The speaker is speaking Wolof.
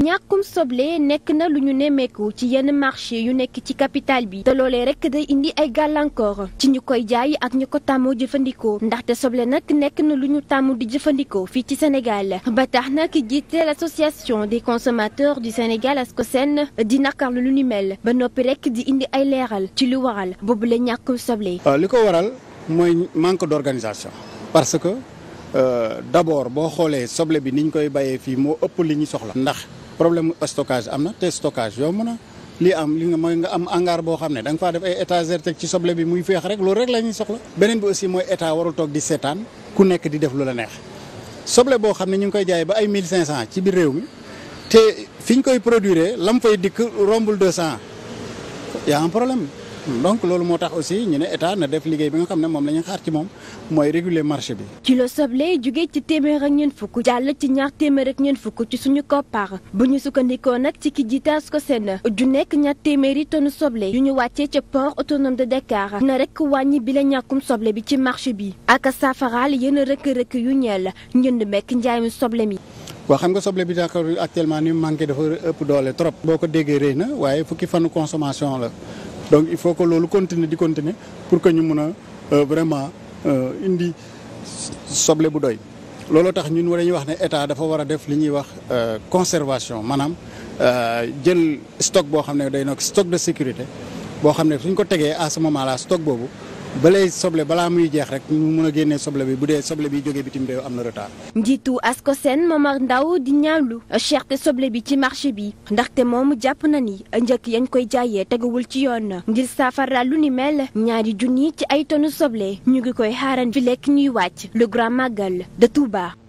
ñàkkum soble nekk na lu ñu nemmeeku ci yenn marché yu nekk ci capital bi te loolee rek day indi ay gàllankoor ci ñu koy jaay ak ñu ko tàmmoo jëfandikoo ndaxte soble nag nekk na lu ñu tàmm di jëfandikoo fii ci Sénégal ba tax nag jiite l'association des consommateurs du ko ASCOSEN di nakarlu lu ni mel ba noppi rek di indi ay leeral ci lu waral boobule ñàkkum soble. Euh, li ko waral mooy manque d'organisation Euh, d'abord boo xoolee soble bi ni ñu koy bayee fii moo ëpp li ñu soxla. ndax problème stockage am na te stockage yomb na lii am li nga mooy nga am hangar boo xam ne danga nga faa def ay étagère teg ci soble bi muy féex rek loolu rek la ñuy soxla. beneen bi aussi mooy état warul toog di seetaan ku nekk di def lu la neex soble boo xam ne ñu ngi koy jaaye ba ay 1500 ci biir réew mi te fi ñu koy produire lam fay dikk rombul 200 y a en problème. donc loolu moo tax aussi ñu ne état na def liggéey bi nga xam ne moom la ñu xaar ci moom mooy réguler marché bi. kilo soble jugee ci téeméer ak ñeent fukk jàll ci ñaar téeméer ak ñeent fukk ci suñu koppar bu ñu sukkandikoo nag ci ki jiitaas ko seen ju nekk ñaar téeméeri soble yu ñu wàccee ca port autonome de Dakar na rek wàññi bi la ñàkkum soble bi ci marché bi ak saafaraal yenn rëkk-rëkk yu ñeel njënd mekk njaayum soble mi. waa xam nga soble bi d'accord actuellement ni manqué dafa ëpp doole trop. boo ko déggee rëy na waaye fukki fanu consommation la. donc il faut que loolu continuer di continuer pour que ñu mun a euh, vraiment euh, indi soble bu doy. looloo tax ñun dañuy wax ne état dafa war a def li ñuy wax euh, conservation maanaam jël stock boo xam ne day nekk stock de sécurité boo xam ne suñ ko tegee à ce moment stock boobu. balay soble balaa muy jeex rek mu mun a génnee soble bi bu dee soble bi jógee bitim réew am na retard. njiitu Ascosen Momar ndaw di ñaawlu cherté soble bi ci marché bi ndaxte moom jàpp na ni njëkk yañ koy jaayee tegawul ci yoon na ngir saafara lu ni mel ñaari junni ci ay tonu soble ñu ngi koy xaaran fi lekk ñuy wàcc le grand magal de Touba.